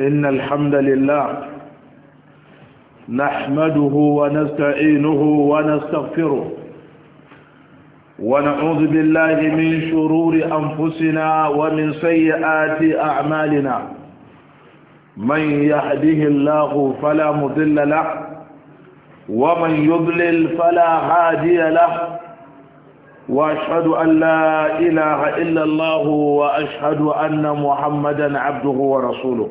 إن الحمد لله نحمده ونستعينه ونستغفره ونعوذ بالله من شرور أنفسنا ومن سيئات أعمالنا من يهده الله فلا مضل له ومن يضلل فلا هادي له واشهد ان لا اله الا الله واشهد ان محمدا عبده ورسوله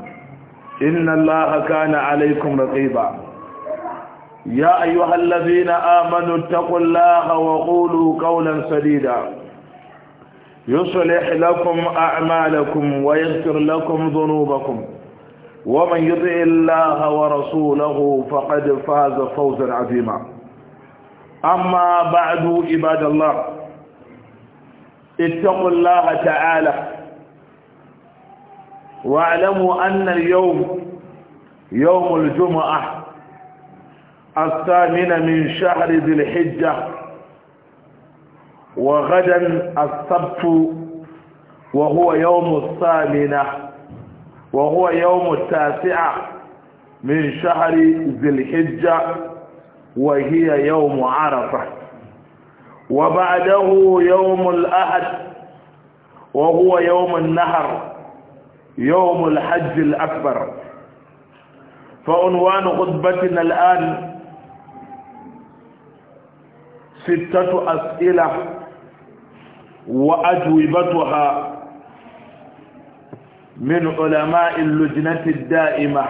إن الله كان عليكم رقيبا يا أيها الذين آمنوا اتقوا الله وقولوا قولا سديدا يصلح لكم أعمالكم ويغفر لكم ذنوبكم ومن يطع الله ورسوله فقد فاز فوزا عظيما أما بعد عباد الله اتقوا الله تعالى واعلموا أن اليوم يوم الجمعة الثامنة من شهر ذي الحجة وغدا السبت وهو يوم الثامنة وهو يوم التاسعة من شهر ذي الحجة وهي يوم عرفة وبعده يوم الأحد وهو يوم النهر يوم الحج الأكبر فعنوان خطبتنا الآن ستة أسئلة وأجوبتها من علماء اللجنة الدائمة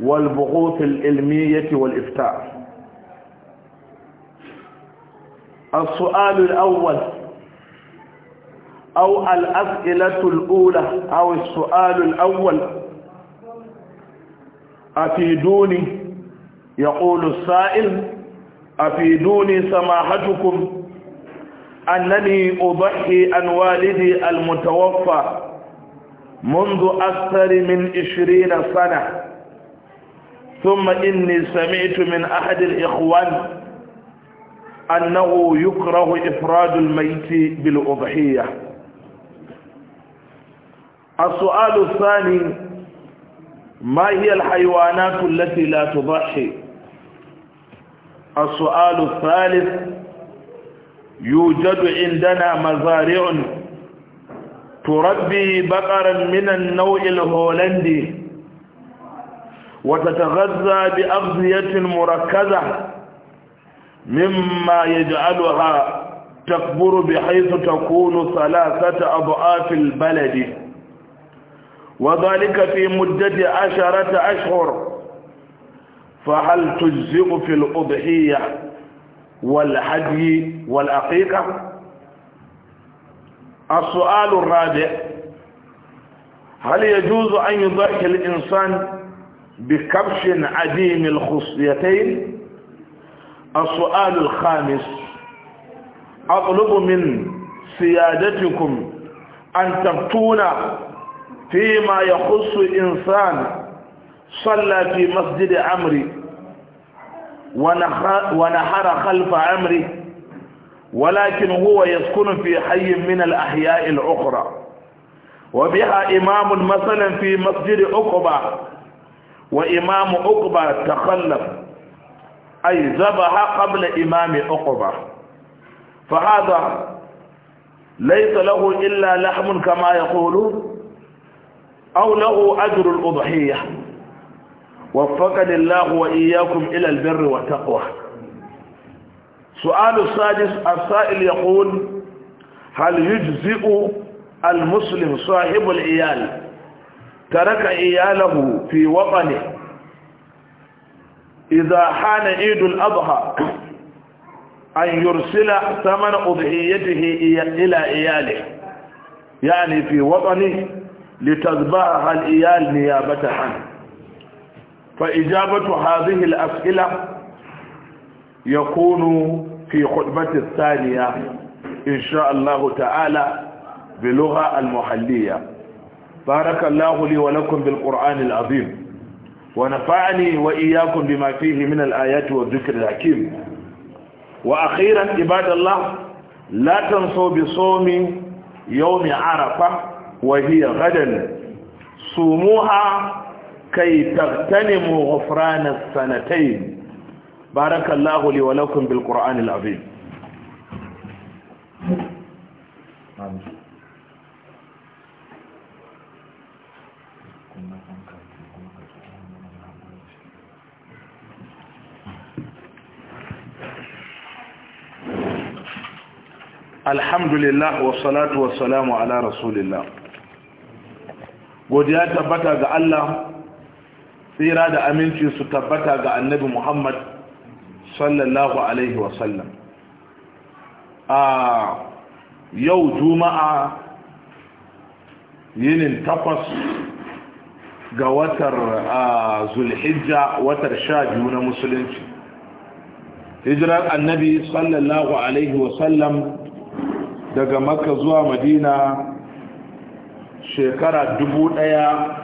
والبحوث العلمية والإفتاء السؤال الأول أو الأسئلة الأولى أو السؤال الأول أفيدوني يقول السائل أفيدوني سماحتكم أنني أضحي عن والدي المتوفى منذ أكثر من عشرين سنة ثم إني سمعت من أحد الإخوان أنه يكره إفراد الميت بالأضحية السؤال الثاني ما هي الحيوانات التي لا تضحي السؤال الثالث يوجد عندنا مزارع تربي بقرا من النوع الهولندي وتتغذى بأغذية مركزة مما يجعلها تكبر بحيث تكون ثلاثة أضعاف البلد وذلك في مدة عشرة أشهر فهل تجزئ في الأضحية والهدي والعقيقة السؤال الرابع هل يجوز أن يضحي الإنسان بكبش عديم الخصيتين السؤال الخامس أطلب من سيادتكم أن تبتون فيما يخص إنسان صلى في مسجد عمري ونحر خلف عمري ولكن هو يسكن في حي من الأحياء الأخرى وبها إمام مثلا في مسجد عقبة وإمام عقبة تخلف أي ذبح قبل إمام عقبة فهذا ليس له إلا لحم كما يقولون أو له أجر الأضحية وفقني الله وإياكم إلى البر والتقوى سؤال السادس السائل يقول هل يجزئ المسلم صاحب العيال ترك عياله في وطنه إذا حان عيد الأضحى أن يرسل ثمن أضحيته إلى عياله يعني في وطنه لتتبعها الإيال نيابة عنه فإجابة هذه الأسئلة يكون في خطبة الثانية إن شاء الله تعالى بلغة المحلية بارك الله لي ولكم بالقرآن العظيم ونفعني وإياكم بما فيه من الآيات والذكر الحكيم وأخيرا عباد الله لا تنسوا بصوم يوم عرفة وهي غدا صوموها كي تغتنموا غفران السنتين بارك الله لي ولكم بالقرآن العظيم الحمد لله والصلاة والسلام على رسول الله godiya tabbata ga Allah tsira da aminci su tabbata ga annabi Muhammad sallallahu alaihi wasallam a yau juma'a yinin takwas ga watar zulhijja watar sha biyu na musulunci hijirar annabi sallallahu alaihi wasallam daga makka zuwa madina shekara dubu ɗaya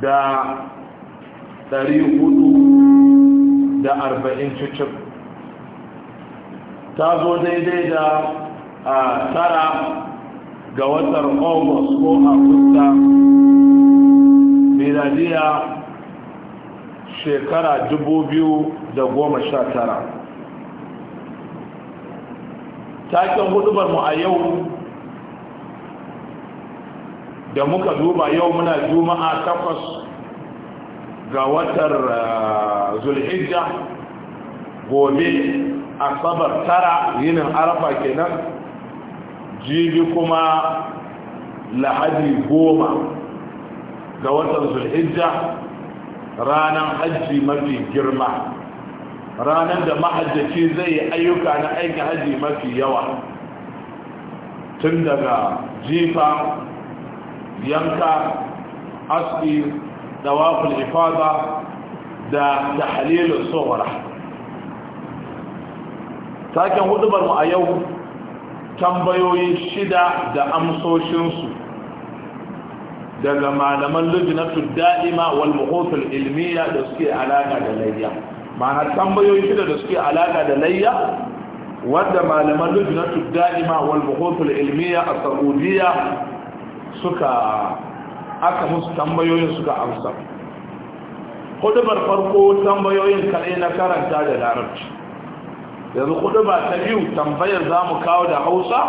da ɗari hudu da arba'in cicin ta zo daidai da a tara ga watan august ko agusta miladiya shekara dubu biyu da goma sha tara taken hudubar mu a yau da muka duba yau muna juma'a takwas ga watar uh, zulhijja gobe asabar tara yinin arafa kenan jibi kuma lahadi goma ga watan zulhijja ranar hajji mafi girma ranar da mahajjaci zai yi ayyuka na aikin hajji mafi yawa tun daga jifa yanka aski da waful ifada da tahlilul sughra taken hudubar mu a yau tambayoyi shida da amsoshinsu daga malaman lujinatul da'ima wal muhutul ilmiya da suke alaka da layya ma'ana tambayoyi shida da suke alaka da layya wanda malaman lujinatul da'ima wal muhutul ilmiya a saudiya suka aka musu tambayoyin suka amsa hudubar farko tambayoyin kaɗai na karanta da larabci yanzu hudubar ta biyu tambayar za mu kawo da hausa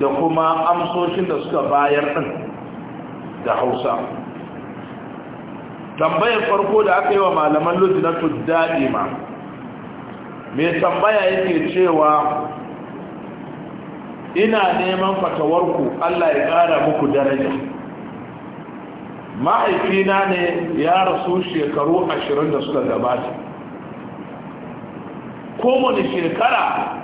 da kuma amsoshin da suka bayar ɗin da hausa tambayar farko da aka yi wa malaman lujinatu daɗi ma mai tambaya yake cewa ina neman fatawarku Allah ya ƙara muku daraja Mahaifina ne ya rasu shekaru ashirin da suka gabata kowane shekara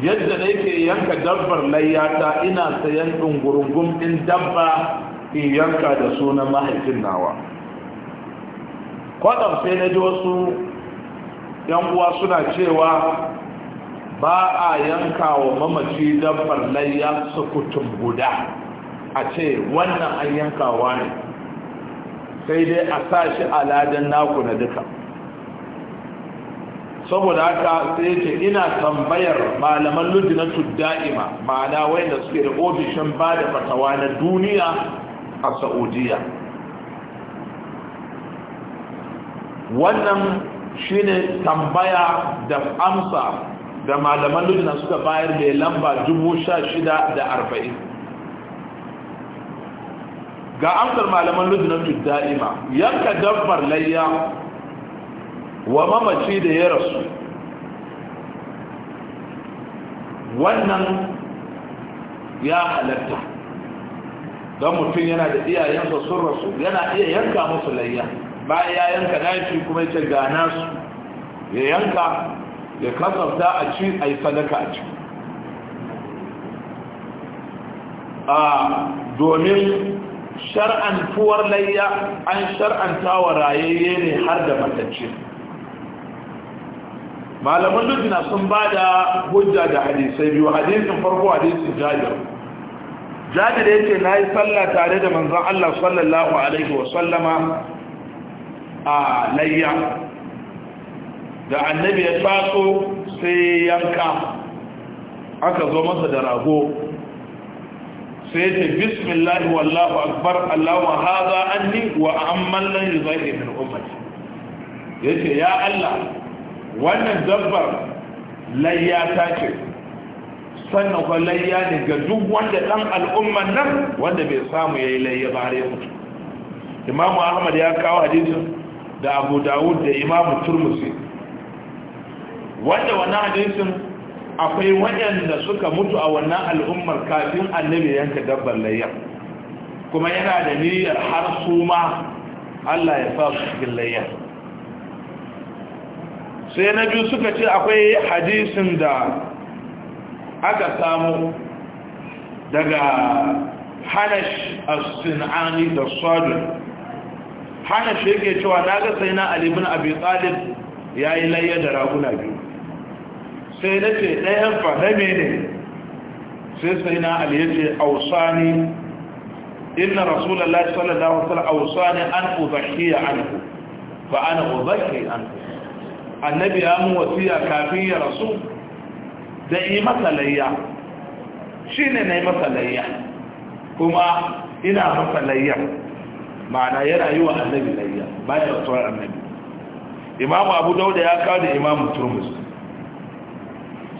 yadda da yake yanka dabbar layyata ina sayan ɗungurungun ɗin dabba in yanka da sunan mahaifin nawa kwaɗar sai na ji wasu yan uwa suna cewa ba a yanka wa mamaci dabbar layya sukutun guda a ce wannan an yankawa ne sai dai a sa shi a ladan naku na duka saboda haka sai ce ina tambayar malaman na Tuddaima, ma'ana wanda suke da ofishin ba da fatawa na duniya a Saudiyya. wannan shine tambaya da amsa da malaman lujina suka bayar mai lamba dubu sha shida da arba'in ga amsar malaman lujina da'ima yanka dabbar layya wa mamaci da ya rasu wannan ya halatta don mutum yana da iyayensa sun rasu yana iya yanka musu layya ba ya yanka shi kuma ya ce gana su ya yanka ya kasafta a ci a yi sadaka a ci a domin shar'antuwar layya an shar'anta wa rayayye ne har da matacce malaman lujina sun ba da hujja da hadisai biyu hadisin farko hadisin jajir jajir ya ce na yi sallah tare da manzan allah sallallahu alaihi wasallama a layya da annabi ya faso sai yanka aka zo masa da rago sai ta bismillahi wallahu akbar allahu haza anni wa amman lan yuzahi min ummati yace ya Allah wannan dabbar layya ta ce sannan kuma layya ne ga duk wanda dan al'umman nan wanda bai samu yayi layya ba har yanzu imamu ahmad ya kawo hadisin da abu dawud da imamu turmusi wanda wannan hadisin akwai waɗanda suka mutu a wannan al'ummar kafin annabi yanka dabbar layya kuma yana da niyyar har suma, Allah ya sa su cikin layya sai na biyu suka ce akwai hadisin da aka samu daga hanash as-sin'ani da sadr hanash yake cewa naga sai na ali ibn abi talib yayi layya da raguna biyu sai na ce ɗayan fa na mene sai sai na ali ya ce ausani inna rasulallah sallallahu alaihi wasallam an uzaki ya anhu fa ana uzakki anhu annabi ya mu wasiya kafin ya rasu da yi masa layya ne na yi masa layya kuma ina masa layya ma'ana yana yi wa annabi layya ba bayan rasuwar annabi imamu abu dauda ya kawo da imamu turmus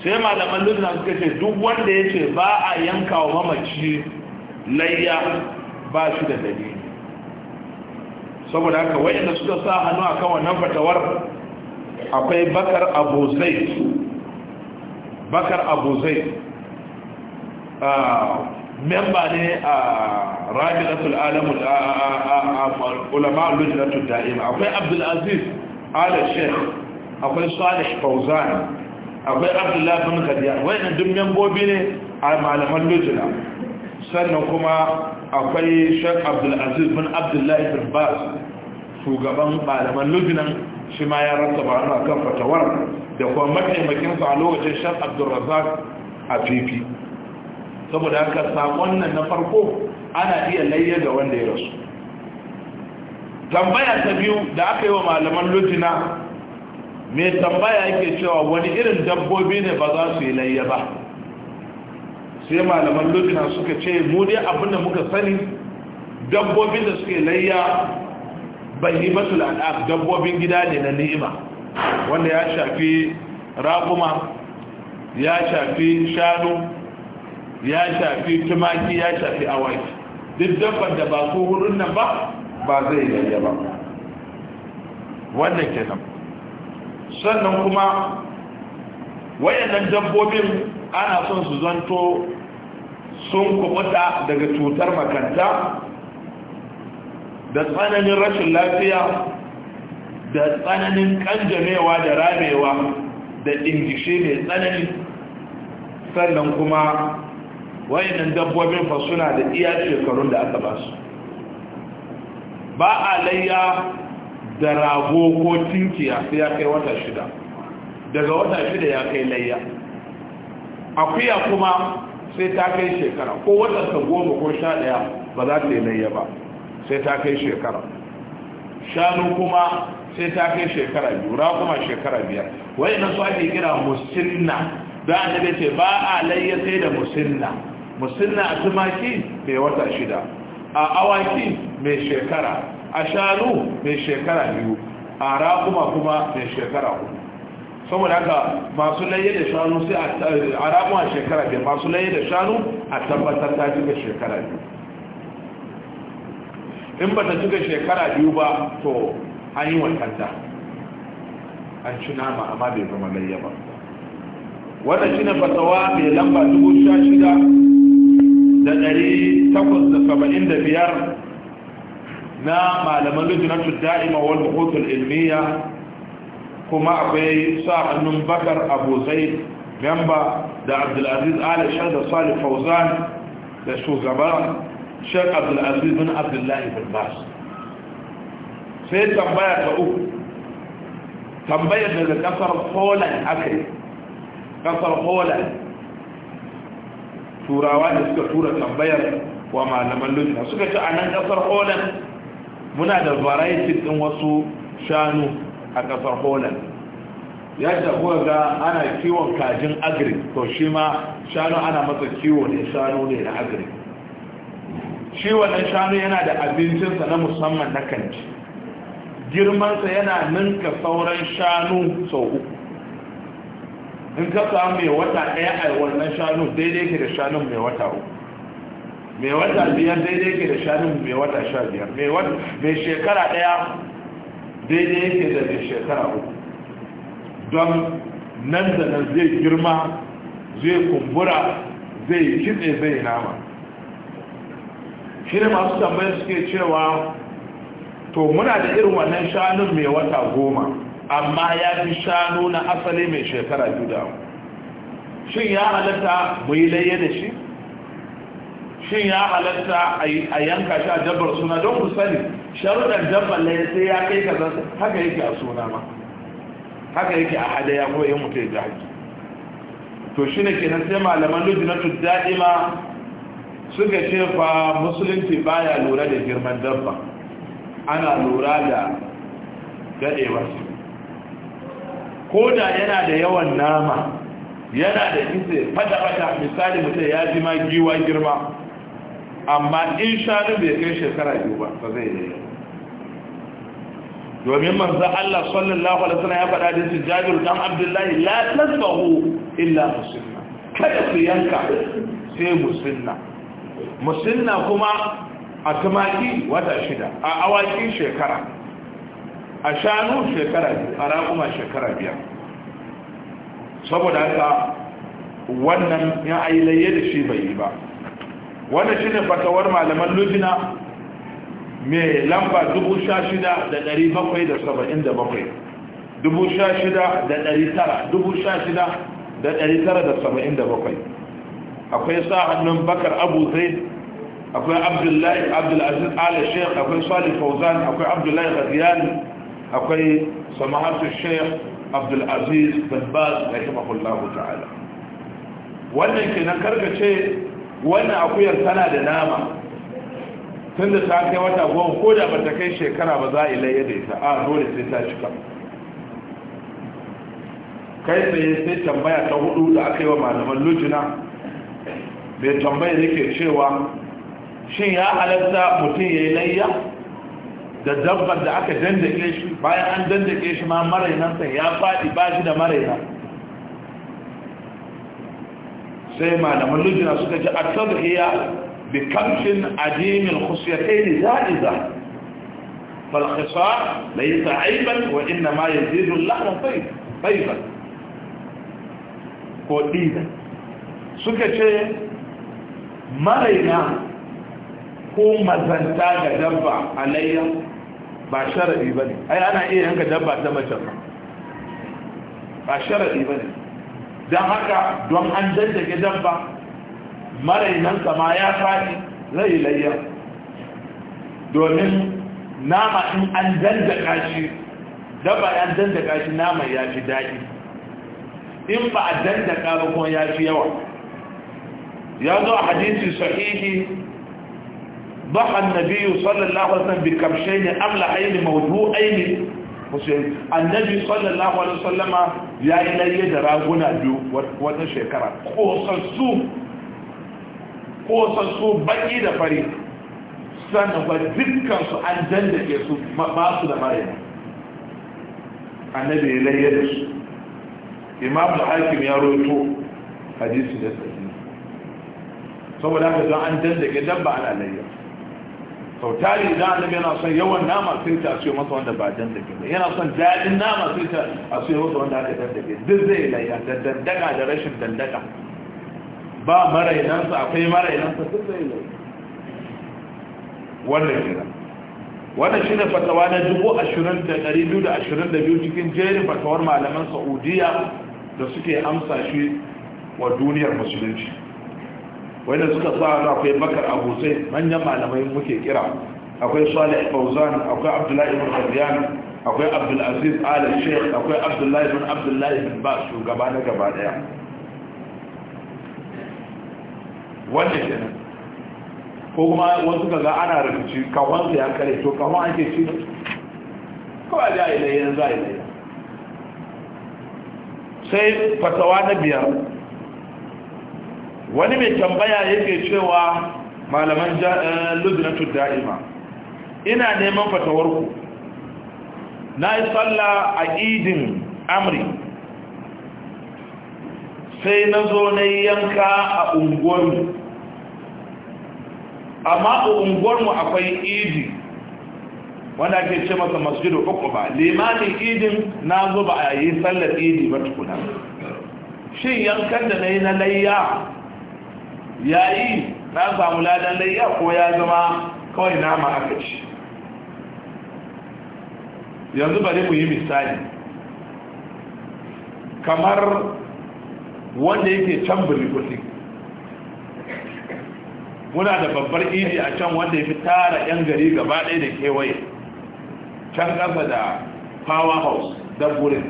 sai malaman luna suka ce duk wanda ya ce ba a yanka wa mamaci layya ba shi da dalili saboda haka wayanda suka sa hannu a kan wannan fatawar akwai bakar abu zai bakar abu zai ah, memba ne a rabi'atul alamul ulama lujnatul da'im akwai Abdulaziz aziz ala sheikh akwai salih fauzan akwai abdullahi bin kadiya wayannan duk membobi ne a malaman lujula sannan kuma akwai shek abdulaziz bin abdullahi bin bas shugaban malaman lujunan shi ma ya rasa ba a kan fatawar da kuma mataimakinsa a lokacin shek abdulrazak a fifi saboda haka sakon nan na farko ana iya layya da wanda ya rasu tambaya ta biyu da aka yi wa malaman lujina mai tambaya yake cewa wani irin dabbobi ne ba za su yi layya ba sai malaman lubina suka ce mu dai da muka sani dabbobin da suke layya bahimatul al'aq dabbobin gida ne na ni'ima wanda ya shafi raguma ya shafi shanu ya shafi tumaki ya shafi awaki duk dabban da ba su hudun nan ba ba zai layya ba wannan kenan sannan kuma wayannan dabbobin ana son su zanto sun kubuta daga cutar makanta da tsananin rashin lafiya da tsananin kanjamewa da ramewa da ingishe mai tsanani sannan kuma wayannan dabbobin fa suna da iya shekarun da aka basu ba a layya da rago ko tinkiya sai ya kai wata shida daga wata shida ya kai layya akuya kuma sai ta kai shekara ko ta goma ko sha daya ba za ta yi layya ba sai ta kai shekara shanu kuma sai ta kai shekara biyu ra kuma shekara biyar wai na su ke kira musinna da annabi ce ba a layya sai da musinna musinna a tumaki mai wata shida a awaki mai shekara a shanu mai shekara biyu a raƙuma kuma mai shekara hudu saboda haka masu laye da shanu sai a raƙuma shekara biyu masu laye da shanu a tabbatar ta cika shekara biyu in ba ta cika shekara biyu ba to an yi wakanta an ci nama amma bai zama laye ba wannan ne fatawa mai lamba dubu sha shida da ɗari takwas da da biyar نعم علماء لجنة الدائمة والبحوث العلمية كما أبي ساق من بكر أبو زيد ممبا دا عبد العزيز آل الشهد صالح فوزان دا شو زبان شيخ عبد العزيز بن عبد الله بن باس سيد تنبايا تقول تنبايا إذا كسر خولا أكري كسر خولا سورة واحد سورة تنبايا وما لما لجنة سكتش أنا كسر خولا muna da variety din wasu shanu a kasar holland yadda kuka ga ana kiwon kajin agri to shi ma shanu ana masa kiwo ne shanu ne na agri shi wannan shanu yana da abincinsa na musamman na kanci girmansa yana ninka sauran shanu sau uku in ka samu mai wata ɗaya a wannan shanu daidai ke da shanun mai wata uku mai wata biyar daidai ke da shanin mai wata sha biyar mai shekara daya daidai yake da mai shekara uku don nan da nan zai girma zai kumbura zai kitse zai nama shi ne masu tambayar suke cewa to muna da irin wannan shanun mai wata goma amma ya fi shanu na asali mai shekara biyu da shin ya halatta mu yi layya da shi shin ya halatta a yanka shi a dabbar suna don ku sani sharuɗar dabbar ne sai ya kai kaza haka yake a suna ma haka yake a hadaya ko in mutu ya haji to shi ke kenan sai malaman na lujinatu da'ima suka ce fa musulunci baya lura da girman dabba ana lura da dadewar su ko da yana da yawan nama yana da kitse fata-fata misali mutum ya ji ma giwa girma amma in shanu bai kai shekara biyu ba ba zai yi domin manzan Allah sallallahu alaihi wasallam ya faɗa da su Jabir dan Abdullahi la tasbahu illa musinna kada su yanka sai musinna musinna kuma a tumaki wata shida a awaki shekara a shanu shekara biyu a raƙuma shekara biyar saboda haka wannan ya ailaye da shi bai yi ba wannan shine fatawar malaman lujina mai lamba 16,777 16,977 akwai sa hannun bakar abu zai akwai abdullahi abdulaziz ala sheikh akwai salih fauzan akwai abdullahi ghaziyani akwai samahatu sheikh abdulaziz bin baz rahimahullahu ta'ala wannan ke kenan karkace wannan akuyar tana da nama tun da ta kai wata goma ko da ba ta kai shekara ba za a ilayya da ita a dole sai ta cika kai tsaye sai tambaya ta hudu da aka yi wa malaman lujina mai tambayar yake cewa shin ya halatta mutum ya yi layya da dabbar da aka dandake shi bayan an dandake shi ma marainansa ya faɗi ba shi da maraina sai malaman lujina suka ce a tadhiya bi kamshin adimin khusyatain za'iza fal khisar laysa aiban wa inna ma yazidu al-lahm tayyiban ko dida suka ce maraina ko mazanta ga dabba alayya ba sharadi bane ai ana iya yanka dabba ta mace ba sharadi bane don haka don an daddage dabba nan sama ya faɗi zai layya domin nama in an daddaka shi dabba an daddaka shi nama ya fi daɗi in ba a daddaka ba kuma ya fi yawa ya zo a hadisi sahihi ضحى النبي صلى الله عليه وسلم بكبشين أملحين موضوعين musulmi annabi sallallahu alaihi sallama ya yi laye da raguna biyu wata shekara kosassu kosassu baki da fari sannan ba dukkansu an dandake su ba su da maraina annabi ya laye da su imam al-hakim ya roto hadisi da sahihi saboda haka don an dandake dabba ana layyar sau tari idan annabi yana son yawan nama sai ta asiyo masa wanda ba dan dake ba yana son daɗin nama sai ta asiyo masa wanda aka dan dake duk zai laiya da dandaka da rashin dandaka ba marainansa akwai marainansa duk zai laiya wannan kira wannan shi ne fatawa na dubu ashirin da ɗari biyu da ashirin da biyu cikin jerin fatawar malaman sa'udiyya da suke amsa shi wa duniyar musulunci wanda suka tsara akwai bakar abu sai manyan malamai muke kira akwai salih fauzan akwai abdullahi ibn qadiyan akwai abdul aziz ala sheikh akwai abdullahi ibn abdullahi ibn ba gaba na gaba daya wanda kenan ko kuma wasu kaga ana rikici kawan sai an kare to kawan ake ci kawai da ilayen za ilayen sai fatawa na biyar wani mai tambaya yake cewa malaman eh, lujinatu da'ima ina neman fatawarku na yi tsalla a idin amri sai na zo na yanka a unguwarmu amma a unguwarmu akwai idi wanda ke ce masa masjidu uku ba limanin idin na zo ba a yi tsallar idi ba tukuna shin yankan da na yi na layya ya yi na samu ladan layya ko ya zama kawai nama aka ci yanzu bari mu yi misali kamar wanda yake can birgoti muna da babbar idi a can wanda ya fi tara 'yan gari gaba ɗaya da kewaye can gaba da powerhouse da don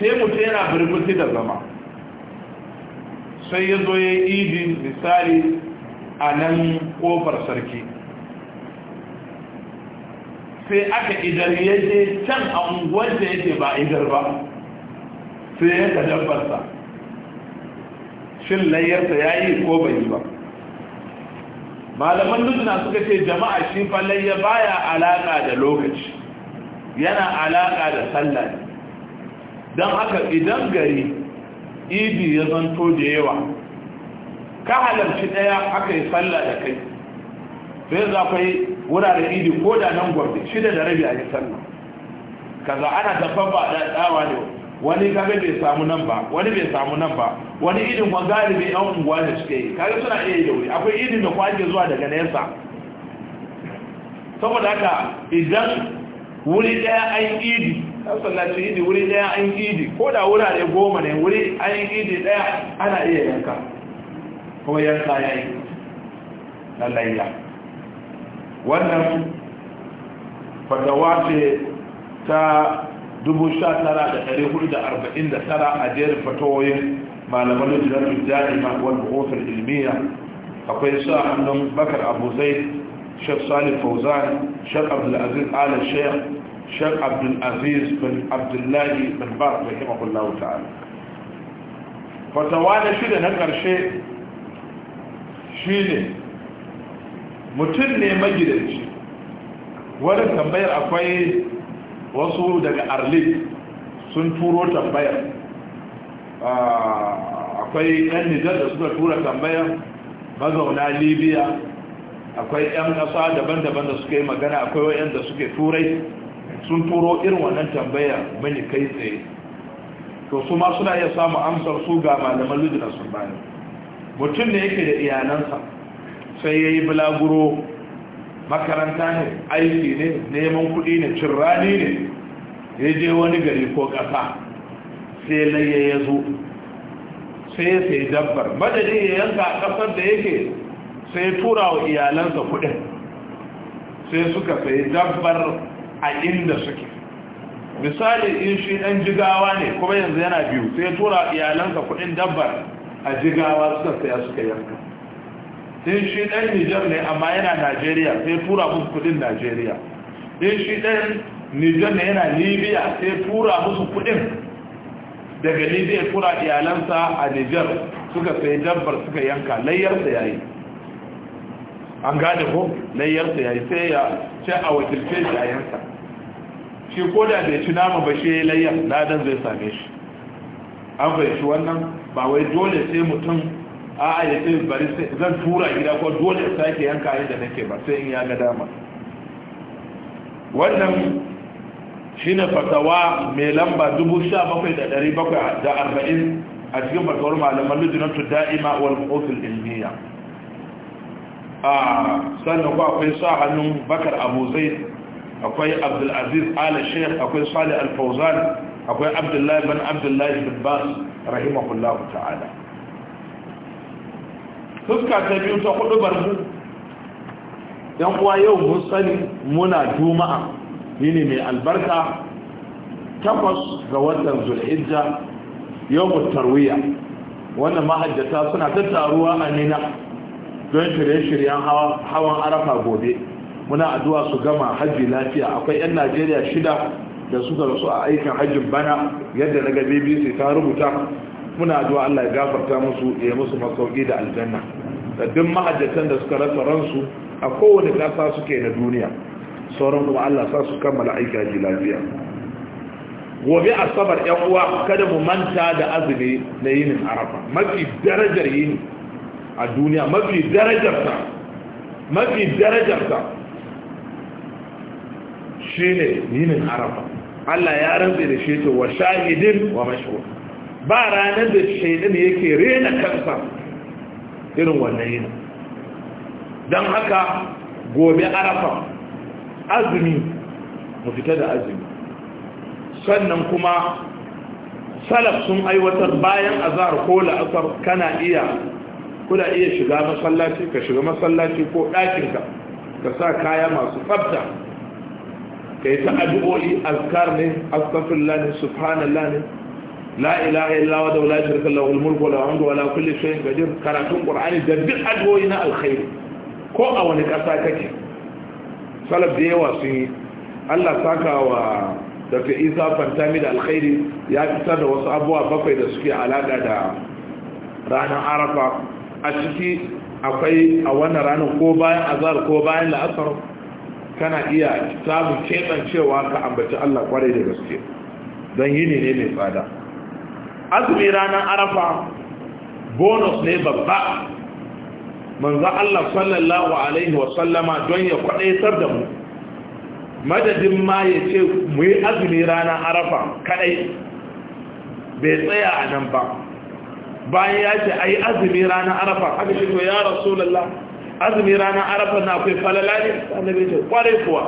sai mutu yana birgoti da zama sai ya zo ya yi misali a nan kofar sarki sai aka idar ya ce can a unguwar ya yake ba idar ba sai ya ka dabbarsa shin layyarsa ya yi ko bai yi ba malaman lujina suka ce jama'a shi fa layya baya alaka da lokaci yana alaka da sallah don haka idan gari idi ya zanto da yawa ka halarci ɗaya aka yi sallah da kai sai za ka yi wuraren idi ko da nan gwamnati shida da rabi a yi sallah kaza ana tafan ba da dawa ne wani kaga bai samu nan ba wani bai samu nan ba wani idin kwa galibi yan unguwa da suke yi kaga suna iya yi da wuri akwai idin da kwa zuwa daga nesa saboda haka idan wuri ɗaya an idi an sallaci idi wuri daya an idi ko da wurare goma ne wuri an idi daya ana iya yanka kuma yanka ya yi na layya wannan fatawa ce ta 19,449 a jerin fatawoyin malaman lujirar jami'a wani bukotar ilmiya akwai sa hannun bakar abu zai shek salif fauzan shek abdulaziz ala shek shek abdulaziz bin abdullahi bin bar da himahullahu ta'ala fatawa na shida na ƙarshe shine mutum ne magidanci wani tambayar akwai wasu daga arlit sun turo tambayar ah, akwai 'yan nijar da suka tura tambayar mazauna libya akwai 'yan ƙasa daban-daban da suka yi magana akwai waɗanda suke turai sun turo irin wannan tambaya mani kai tsaye to su ma suna iya samu amsar su ga malaman lujina sun bani mutum da yake da iyalansa sai ya yi bulaguro makaranta ne aiki ne neman kuɗi ne cin rani ne ya je wani gari ko ƙasa sai laye ya zo sai ya sai dabbar madadin ya yanka a ƙasar da yake sai ya tura wa iyalansa kuɗi sai suka sai dabbar a inda suke misali in shi ɗan jigawa ne kuma yanzu yana biyu sai tura iyalansa kuɗin dabbar a jigawa suka saya suka yanka in shi ɗan nijar ne amma yana najeriya sai tura musu kuɗin najeriya in shi ɗan nijar ne yana libya sai tura musu kuɗin daga libya tura iyalansa a nijar suka sayi dabbar suka yanka layyarsa yayi an gane ko layyarsa yayi sai ya ce a wakilce shi a yanka shi ko da bai ci nama ba shi layya ladan zai same shi an fahimci wannan ba wai dole sai mutum a a ya ce bari zan tura gida ko dole sake yanka da nake ba sai in ya ga dama wannan shi ne fatawa mai lamba 17,740 a cikin fatawar malaman tu da'ima wal ofil ilmiya a sannan ku akwai sa hannun bakar abu zai akwai abdulaziz ala sheikh akwai salih al-fawzan akwai abdullahi bin abdullahi bin bas rahimahullahu ta'ala fuska ta biyu ta hudu barbu yan uwa yau mun sani muna juma'a ne mai albarka takwas ga watan zulhijja yau tarwiya. wannan mahajjata suna ta taruwa a nina don shirye-shiryen hawan arafa gobe muna addu'a su gama hajji lafiya akwai 'yan najeriya shida da suka rasu a aikin hajjin bana yadda daga bbc ta rubuta muna addu'a allah ya gafarta musu ya musu masauki da aljanna da duk mahajjatan da suka rasa ransu a kowane kasa suke na duniya sauran kuma allah sa su kammala aiki hajji lafiya gobe asabar yan uwa kada mu manta da azumi na yinin arafa mafi darajar yini a duniya mafi darajarta mafi darajarta ne yinin arafa Allah ya rantsa da shi to wa shahidin wa mashhur ba ranar da shaidan yake rena kansa irin wannan yinin don haka gobe arafa azumi mu fita da azumi sannan kuma salaf sun aiwatar bayan azhar ko la'asar kana iya kuna iya shiga masallaci ka shiga masallaci ko ɗakinka ka sa kaya masu tsabta kai ta addu'o'i azkar ne astaghfirullah ne subhanallah ne la ilaha da huwa wa la mulku da lahu shay'in qadir karatun qur'ani da duk addu'o'i na alkhair ko a wani kasa kake Salab da yawa sun yi Allah saka wa da isa fantami da alkhairi ya fitar da wasu abubuwa bakwai da suke alaka da ranar arafa a ciki akwai a wannan ranar ko bayan Azar, ko bayan la'asar kana iya samun cewa ka ambaci Allah kwarai da gaske don yi ne mai tsada azumi ranar arafa bonus ne babba manzo Allah sallallahu alaihi wa sallama don ya kwadaitar da mu madadin ma ya ce mu yi azumi ranar arafa kadai bai tsaya a nan ba bayan ya ce a yi azumi ranar arafa haka shi to ya rasu lallah. azumi ranar arafa na akwai falala ne annabi ce kwarai kuwa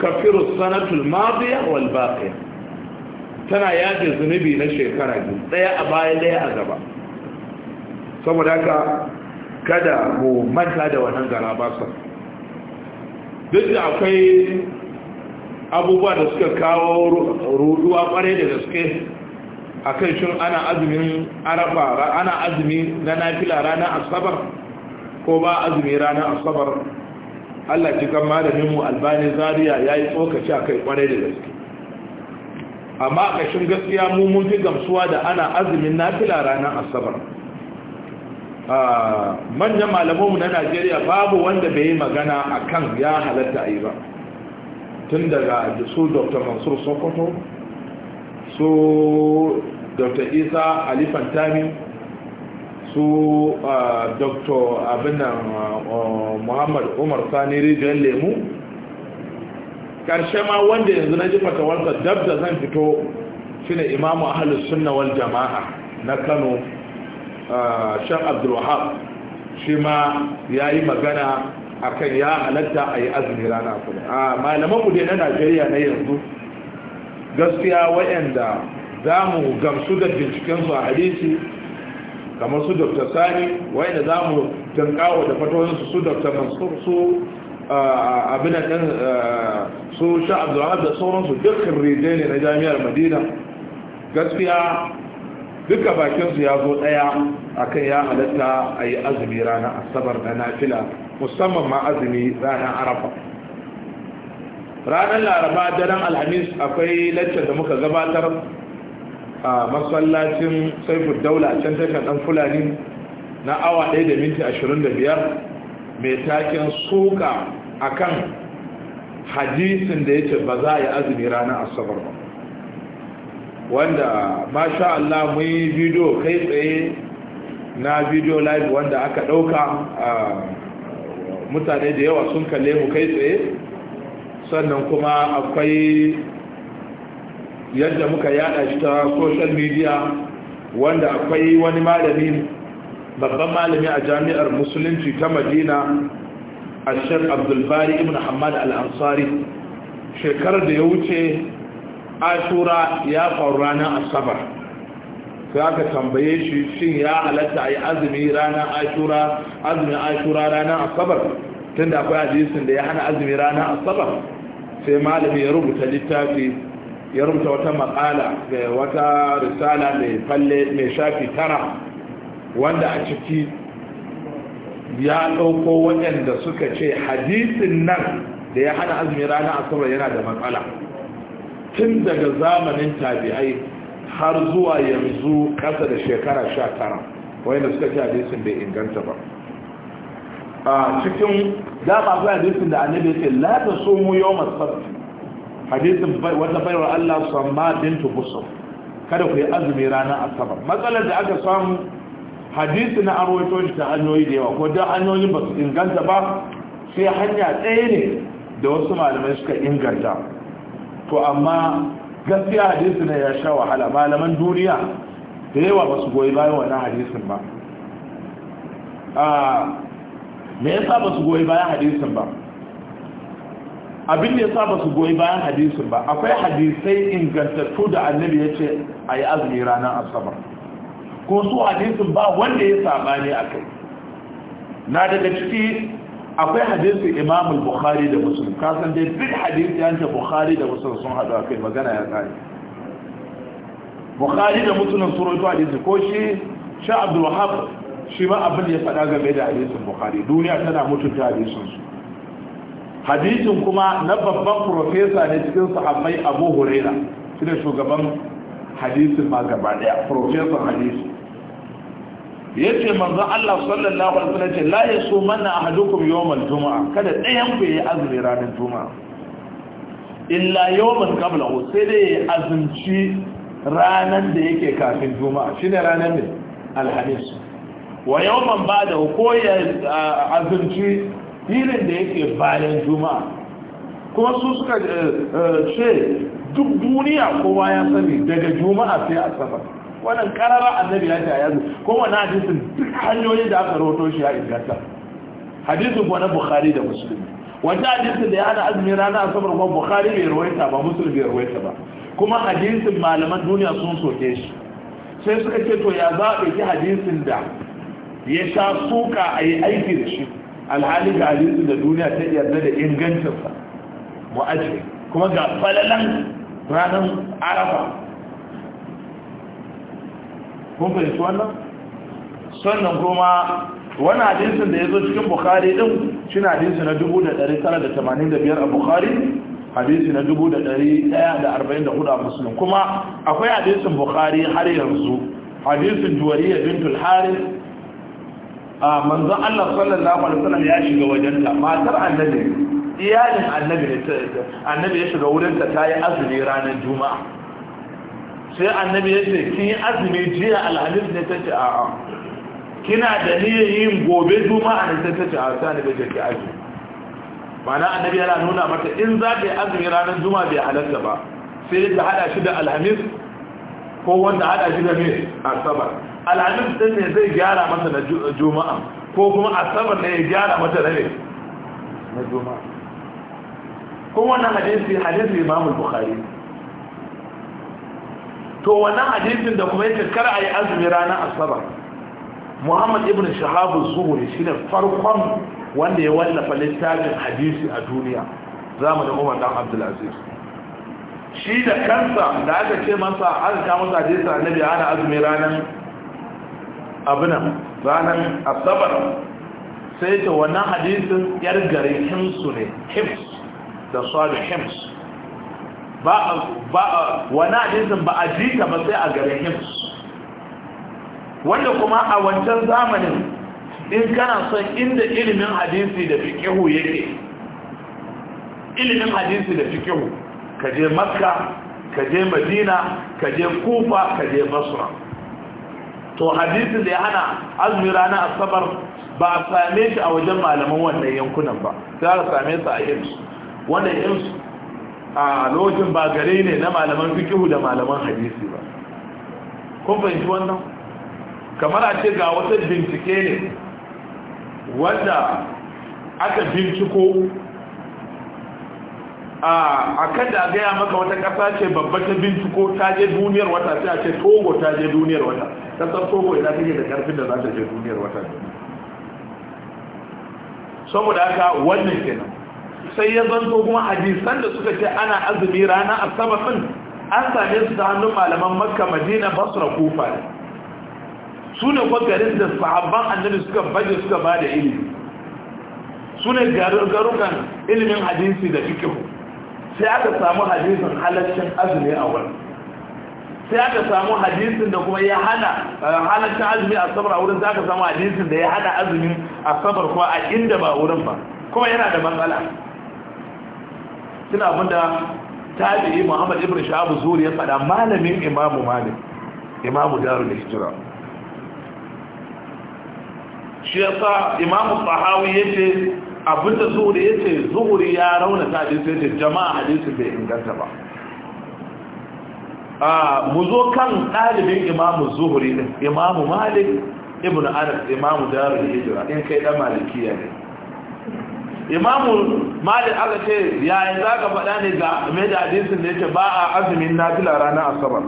kafiru sanatul madiya wal baqiya tana yaje zunubi na shekara biyu daya a baya daya a gaba saboda ka kada mu manta da wannan sa duk da akwai abubuwa da suka kawo ruduwa kwarai da gaske akan shin ana azumin arafa ana azumi na nafila ranar asabar ko ba azumi ranar asabar Allah cikin malamin mu albani zaria ya yi tsokaci a kai kwarai da gaske amma a ƙashin gaskiya mu mun fi gamsuwa da ana azumin nafila ranar asabar manyan malamanmu na najeriya babu wanda bai yi magana a kan ya halatta a yi ba tun daga su dr mansur sokoto su dr isa alifan tamim su dr abinan muhammad umar sani rijiyar lemu karshe ma wanda yanzu na ji fatawarsa dab da zan fito shine imamu ahalus sunnawar jama'a na kano shan abdulwahab shi ma ya yi magana a kan ya halatta a yi azumi rana kuma a malamanmu dai na najeriya na yanzu gaskiya wayanda za mu gamsu da bincikensu a hadisi kamar su dr sani wanda za mu tankawa da fatoyinsu su dr mansur su abin da su sha da sauransu dukkan rijiyar ne na jami'ar madina gaskiya duka bakinsu ya zo ɗaya akan ya halatta a yi azumi rana asabar na nafila musamman ma azumi ranar arafa ranar laraba daren alhamis akwai laccar da muka gabatar a masallacin saifu daula a can tashar ɗan fulani na awa ɗaya da minti ashirin da biyar mai taken suka a kan hadisin da ya ce ba za a yi azumi ranar asabar ba wanda masha Allah mun yi bidiyo kai tsaye na bidiyo live wanda aka ɗauka mutane da yawa sun kalle mu kai tsaye sannan kuma akwai yadda muka yada shi ta social media wanda akwai wani malami babban malami a jami'ar musulunci ta madina a shek abdulbari ibn hamad al'ansari shekarar da ya wuce ashura ya faru ranar asabar sai aka tambaye shi shin ya halatta a yi azumi ranar ashura azumin ashura ranar asabar tun da akwai hadisin da ya hana azumi ranar asabar sai malami ya rubuta littafi ya rumta wata makala da wata risala mai falle mai shafi tara wanda a ciki ya ɗauko waɗanda suka ce hadisin nan da ya hana azumi ranar asabar yana da matsala tun daga zamanin tabi'ai har zuwa yanzu ƙasa da shekara sha tara wanda suka ce hadisin bai inganta ba a cikin dama akwai hadisin da annabi ya ce la ta so yau masu hadisin wata baiwar Allah samma bintu busu kada ku yi azumi ranar asabar matsalar da aka samu hadisi na arwaito shi ta hanyoyi da yawa ko don hanyoyin ba su inganta ba sai hanya ɗaya ne da wasu malamai suka inganta to amma gaskiya hadisi na ya sha wahala malaman duniya da yawa ba su goyi bayan wannan hadisin ba ah, me yasa ba su goyi bayan hadisin ba abin da ya sa ba su goyi bayan hadisin ba akwai hadisai ingantattu da annabi ya ce a yi azumi ranar asabar ko su hadisin ba wanda ya ne a kai na daga ciki akwai hadisin imamul bukhari da musulun kasan dai duk hadisi yanta bukhari da musul sun haɗu a kai magana ya tsari bukhari da musulun sun hadisi ko shi sha abdulwahab shi ma abin da ya faɗa game da hadisin bukhari duniya tana mutunta hadisinsu hadisin kuma na babban profesa ne cikin sahabbai abu huraira shi ne shugaban hadisin ma gaba daya profesa hadisi ya ce manzan allah sallallahu alaihi wasallam ce la ya so mana a juma'a kada ɗayan ku yi azumi ranar juma'a illa yoman kabla sai dai ya azumci ranar da yake kafin juma'a shi ne ranar ne alhamis wa yawon ba da ko ya azumci filin da yake bayan juma'a kuma su suka eh, eh, ce duk duniya kowa ya sani daga juma'a sai asabar wannan karara annabi ya ta yanzu kuma na hadisin duk hanyoyin da aka roto shi ya inganta hadisin ko na bukhari da musulmi wata hadisin da ya hana azumi rana asabar kuma bukhari bai rawaita ba musulmi bai rawaita ba kuma hadisin malaman duniya sun soke shi sai suka ce to ya za a ɗauki hadisin da ya sha suka a yi aiki da shi alhali ga hadisin da duniya ta yarda da ingancinsa mu aje kuma ga falalan ranar arafa kun fahimci wannan sannan kuma wani hadisin da ya zo cikin bukhari ɗin shi na hadisi na 1985 a bukhari hadisi na 1144 a musulun. kuma akwai hadisin bukhari har yanzu hadisin juwariya bintul harith a manzon Allah sallallahu alaihi wasallam ya shiga wajenta matar annabi iyalin annabi ne annabi ya shiga wurinta ta yi azumi ranar juma'a sai annabi ya ce kin yi azumi jiya alhamis ne ta ce a'a kina da niyyar yin gobe juma'a ne ta ce a'a sai annabi ya ce azumi mana annabi yana nuna mata in za ka yi azumi ranar juma'a bai halarta ba sai ta hada shi da alhamis ko wanda hada shi da mai asabar alhamis din ne zai gyara mata na juma'a ko kuma asabar ne ya gyara mata na ne na juma'a kuma wannan hadisi hadisi imam bukhari to wannan hadisin da kuma yake kar ayi azumi ranar asabar muhammad ibn shahab az-zuhri shine farkon wanda ya wallafa littafin hadisi a duniya zamanin umar dan abdul aziz shi da kansa da aka ce masa aka kama masa hadisi annabi ana azumi ranar abinan ranar asabar sai ta wannan hadisun yar gari himsu ne hims da swadu hims ba a wani hadisin ba a jita ba sai a gari hims wanda kuma a wancan zamanin in kana son inda ilimin hadisi da fikihu yake ilimin hadisi da fikihu ka je makka ka je madina ka je kufa ka je basra to hadisin da ya hana azumi rana asabar ba a same shi a wajen malaman wannan yankunan ba sai aka same su a ims wannan ims a lokacin ba gare ne na malaman fikihu da malaman hadisi ba kun fahimci wannan kamar a ce ga wata bincike ne wanda aka binciko a kan da a gaya maka wata ƙasa ce babba ta binciko ta je duniyar wata sai a ce togo ta je duniyar wata kasar togo ina take da ƙarfin da za ta je duniyar wata saboda haka wannan kenan sai ya zanto kuma hadisan da suka ce ana azumi rana asaba din an same su da hannun malaman makka madina basra kufa ne su ne kwa garin da sahabban annabi suka baje suka ba da ilimi su ne garukan ilimin hadisi da fikihu sai aka samu hadisin halaccin azumi a wurin sai aka samu hadisin da kuma ya hana eh, halaccin azumi a sabar a wurin sai aka samu hadisin da ya hana azumin a sabar kuma a inda ba wurin ba kuma yana da matsala suna abinda tabi'i muhammad ibn shahabu zuri ya faɗa malamin imamu malik imamu da hijira shi yasa imamu sahawi yake abinda zuhuri ya ce zuhuri ya raunata hadisi ya ce jama'a hadisu bai inganta ba mu zo kan ɗalibin imamu zuhuri ɗin imamu malik ibn anas imamu darul hijira in kai ɗan malikiya ne imamu malik aka ce yayin za ka faɗa ne ga mai da hadisin da yake ba a azumin na nafila ranar asabar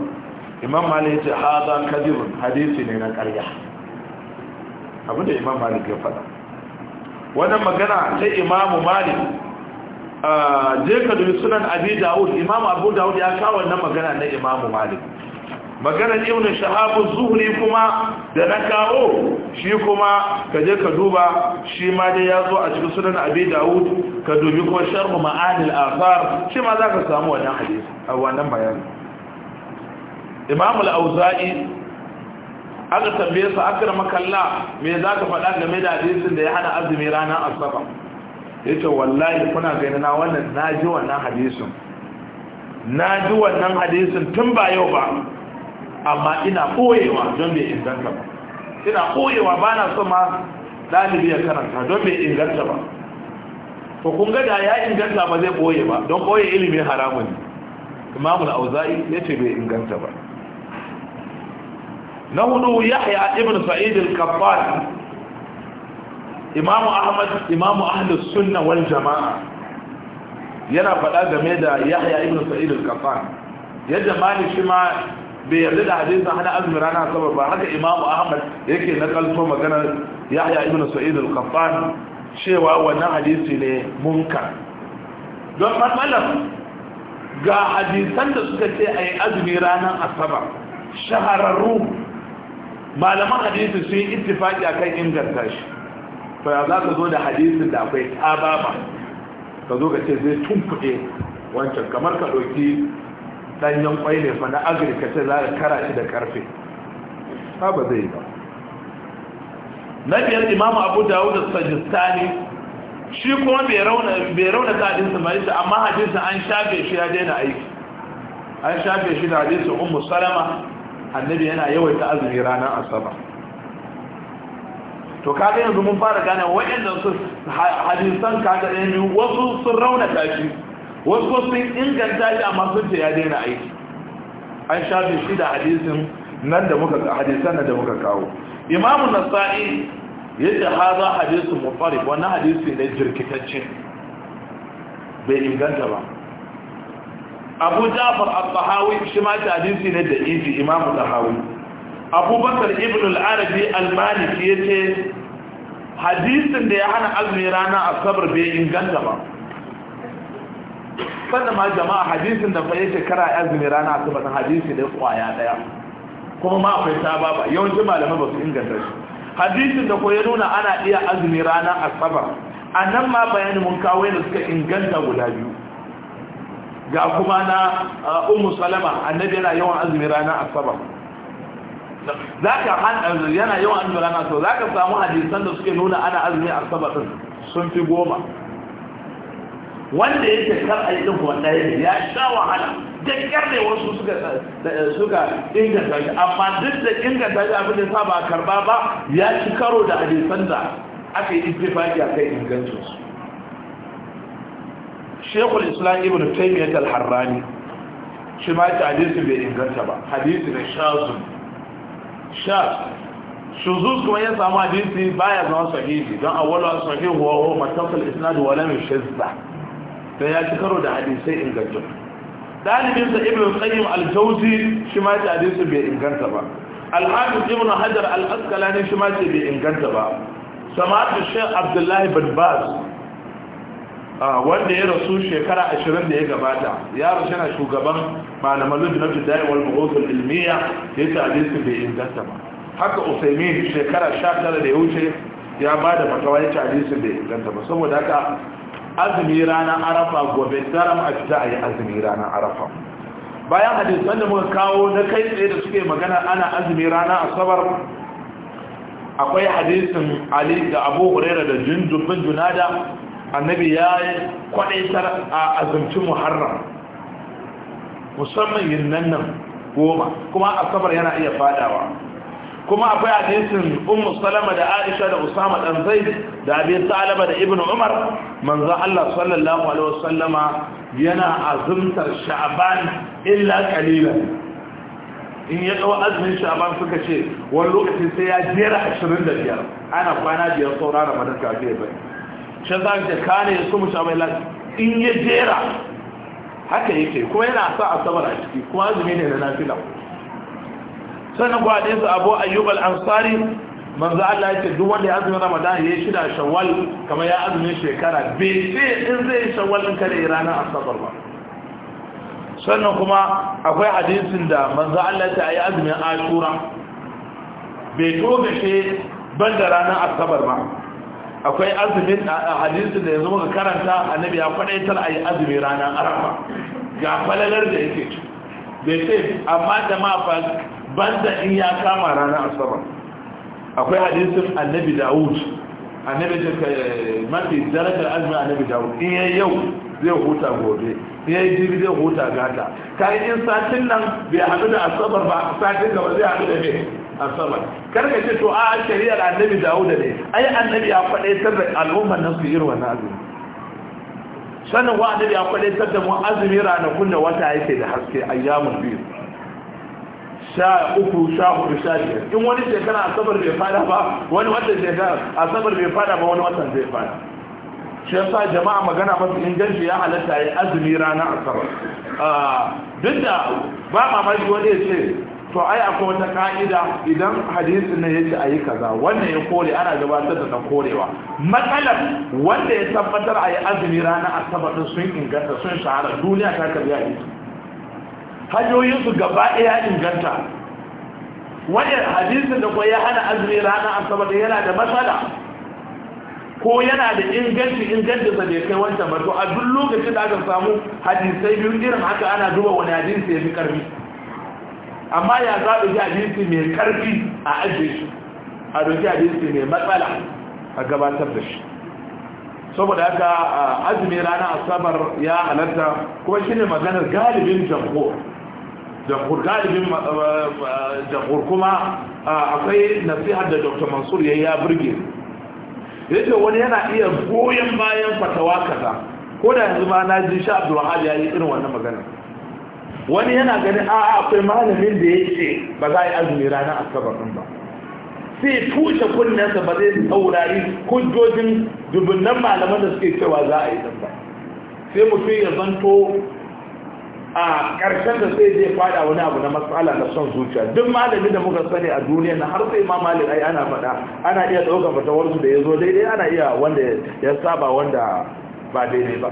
imam malik ya ce haza kadirun hadisi ne na ƙarya abinda imam malik ya faɗa wannan magana ta imamu malik je ka dubi sunan abi da'ud imamu abu ya kawo wannan magana na imamu malik maganar ibn shahabu zuhri kuma da na kawo shi kuma ka je ka duba shi ma dai ya zo a cikin sunan abi da'ud ka dubi ko sharhu ma'anil afar shi ma za ka samu wannan hadisi a wannan bayani al-auza'i aka tambaye su akrama kalla me za ka faɗa game da hadisin da ya hana azumi ranar asabar yace wallahi kuna gani na wannan na ji wannan hadisin ji wannan hadisin tun ba yau ba amma ina koyewa don bai inganta ba ina koyewa ba na so ma ɗalibi ya karanta don bai inganta ba to kun ga da ya inganta ba zai koye ba don koye ilimin haramun imamul auza'i yace bai inganta ba na hudu yahya ibn sa'id imamu ahmad imamu ahlus sunna jama'a yana faɗa game da yahya ibn sa'id al yadda malik shi ma bai yarda da hadisin hana azumin rana asabar ba haka imamu ahmad yake na kalto maganar yahya ibn sa'id al-kabbar cewa wannan hadisi ne munka don matsalar ga hadisan da suka ce a yi azumi ranar asabar shahararru malaman hadisi sun yi ittifaki akan inganta shi to ya za ka zo da hadisin da akwai tsababa ka zo ka ce zai tumfuɗe wancan kamar ka ɗauki ɗanyen ƙwai ne fa na agirka ce za ka kara shi da ƙarfe ba ba zai ba na biyar imamu abu dawud sajistani shi kuma bai rauna ta hadisin ba yadda amma hadisin an shafe shi ya daina aiki an shafe shi da hadisin ummu salama annabi yana yawaita azumi ranar asabar to kaga yanzu mun fara gane waɗanda su hadisan kaga ɗaya wasu sun raunata shi wasu sun inganta shi amma sun ce ya daina aiki an shafe shi da hadisin nan da muka hadisan nan da muka kawo imamu nasa'i yadda za hadisin mutarif wannan hadisi ne jirkitacce bai inganta ba abu jafar al-bahawi shi ma hadisi ne da iji imamu tahawi abubakar ibn al-arabi al-maliki yace hadisin da ya hana azumi rana asabar bai inganta ba sannan ma jama'a hadisin da fa yace kara azumi rana asabar sabar hadisi da kwaya daya kuma ma akwai saba ba yawanci malamai ba su inganta shi hadisin da ko ya nuna ana iya azumi rana asabar a nan ma bayanin mun kawo yadda suka inganta guda biyu ga kuma na umu uh, salama annabi yana yawan azumi ranar asabar zaka yana yawan azumi ranar asabar zaka samu hadisan da suke nuna ana azumi asabar din sun fi goma wanda yake kar a yi ɗin wanda ya sha wahala dakkar ne wasu suka inganta shi amma duk da inganta shi abin da sa ba karba ba ya ci karo da hadisan da aka yi ittifaki a kai ingancinsu shekul islam ibn taymiyyat al-harrani shi ma ta hadisi bai inganta ba hadisi da shazun shaz shuzuz kuma ya samu hadisi baya zama sahihi don awwalu sahihu wa huwa matasal isnad wa lam yashazza Da ya ci karo da hadisai inganta dalibin sa ibn qayyim al-jawzi shi ma ta hadisi bai inganta ba al-hafiz ibn hajar al-asqalani shi ma ta bai inganta ba sama'atu shaykh abdullah bin baz wanda ya rasu shekara ashirin da ya gabata ya rasu na shugaban malaman na da'i wal ma'udul ilmiya Da ya ta su bai inganta ba haka usaimi shekara sha tara da ya wuce ya ba da fatawa ya ta su bai inganta ba saboda haka azumi ranar arafa gobe daram a fita a yi azumi ranar arafa bayan hadisan da muka kawo na kai tsaye da suke magana ana azumi rana asabar akwai hadisin ali da abu huraira da jundubin junada annabi ya yi a azumci muharram musamman yin nan goma kuma asabar yana iya fadawa kuma akwai hadisin ummu salama da aisha da usama dan zaid da abi talaba da ibnu umar manzo Allah sallallahu alaihi wasallama yana azumtar sha'ban illa qalilan in ya dawo azumin sha'ban suka ce wani lokacin sai ya jera 25 ana kwana biyar saura ramadan kafin bai shi za kane ya su mushi amai in ya jera haka yake kuma yana sa asabar a ciki kuma azumi ne na nafila sannan kuwa da su abu ayyub ansari manzo Allah yake duk wanda ya azumi ramadan ya shida shawal kamar ya azumi shekara bai ce in zai shawwal in kada ranar asabar ba sannan kuma akwai hadisin da manzo Allah ta yi azumin ashura bai tobe shi ban da ranar asabar ba akwai azumin a hadisin da yanzu muka karanta annabi ya kwadaitar a yi azumi ranar arafa ga falalar da yake ci bai ce amma da ban banda in ya kama ranar asabar akwai hadisin annabi dawud annabi da mafi darajar azumin annabi dawud in ya yau zai huta gobe in ya yi jibi zai huta gata kayan in satin nan bai haɗu da asabar ba satin gaba zai haɗu da mai asabar kar ka ce to a shari'ar annabi dawuda ne ai annabi ya faɗaitar da al'umman nan su irin na azumi sannan wa annabi ya faɗaitar da mu azumi ranakun da wata yake da haske ayyamun biyu sha uku sha hudu sha biyar in wani shekara asabar bai fada ba wani watan shekara asabar bai fada ba wani watan zai fada shi yasa jama'a magana masu inganci ya halatta ya azumi rana asabar ah, duk da ba mamaki wani ya ce to ai akwai wata ka'ida idan hadisin ne yace ayi kaza wannan ya kore ana gabatar da korewa matsalar wanda ya tabbatar ayi azumi ranar asabar din sun inganta sun shahara duniya ta karya ne hanyoyin su gaba ɗaya inganta wannan hadisin da kuma ya hana azumi ranar asabar yana da matsala ko yana da inganci inganci sa bai kai wancan ba to a duk lokacin da aka samu hadisai biyu irin haka ana duba wani hadisi ya fi karfi amma ya zaɓi abinci ji hadisi mai ƙarfi a ajiye shi a doki hadisi mai matsala a gabatar da shi saboda haka azumi ranar asabar ya halatta kuma shi ne maganar galibin jamhur jamhur galibin jamhur kuma akwai nasihar da dr mansur ya yi ya birge ya ce wani yana iya goyon bayan fatawa kaza ko da yanzu ma na ji sha abdulwahab ya yi irin wannan maganar wani yana ganin a akwai malamin da ya ce ba za a yi azumi ranar asabar ba sai tushe kunnensa ba zai saurari hujjojin dubunnan malaman da suke cewa za a yi din ba sai mutum ya zanto a ƙarshen da sai zai faɗa wani abu na matsala na son zuciya duk malami da muka sani a duniya na har sai ma malin ai ana faɗa ana iya ɗaukar fatawarsu da ya zo daidai ana iya wanda ya saba wanda ba daidai ba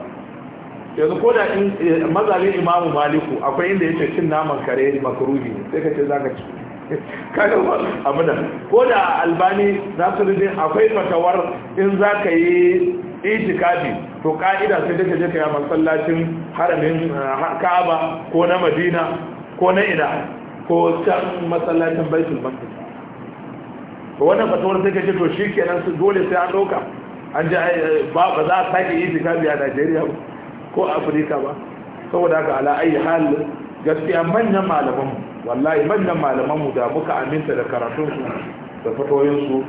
yanzu ko da eh, mazalin imamu maliku akwai inda yace cin naman kare makaruhi sai ka ce zaka ci ba abuna ko da albani rubin akwai fatawar in zaka yi itikafi to ka'ida sai dai je yi masallacin haramin eh, Ka'aba ko na Madina ko na ina ko can masallacin Baitul Maqdis to wannan fatawar sai ce to shikenan su dole sai an doka an ji eh, ba za a sake itikafi a Najeriya ba ko afirka ba saboda haka ala ayi hal gaskiya manyan malamanmu wallahi manyan malaman da muka aminta da karatun su da fatoyin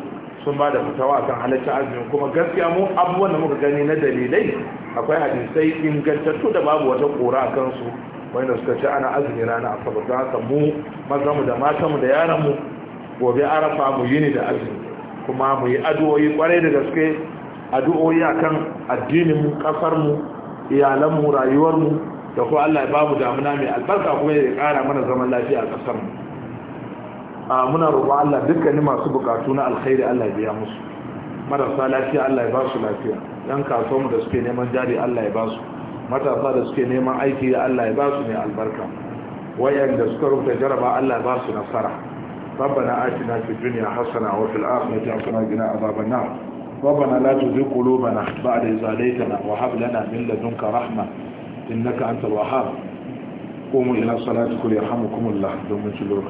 sun ba da fitawa kan halaccin azumi kuma gaskiya mu abubuwan da muka gani na dalilai akwai hadisai ingantattu da babu wata kora a kansu wanda suka ce ana azumi rana a sabar don haka mu mazanmu da matanmu da mu gobe arafa mu yini da azumi kuma mu yi addu'o'i kwarai da gaske addu'o'i akan addinin mu kasar mu iyalanmu rayuwarmu da ko Allah ya bamu damuna mai albarka kuma ya kara mana zaman lafiya a ƙasar mu a muna roƙon Allah dukkanin masu bukatu na alkhairi Allah ya biya musu marasa lafiya Allah ya ba su lafiya yan kasuwanmu da suke neman jari Allah ya ba su matasa da suke neman aiki Allah ya ba su ne albarka wayanda suka rubuta jaraba Allah ya ba su nasara ربنا آتنا في الدنيا حسنة وفي الآخرة حسنة وقنا عذاب النار ربنا لا تزغ قلوبنا بعد إذ هديتنا وهب لنا من لدنك رحمة إنك أنت الوهاب قوموا إلى صلاتكم يرحمكم الله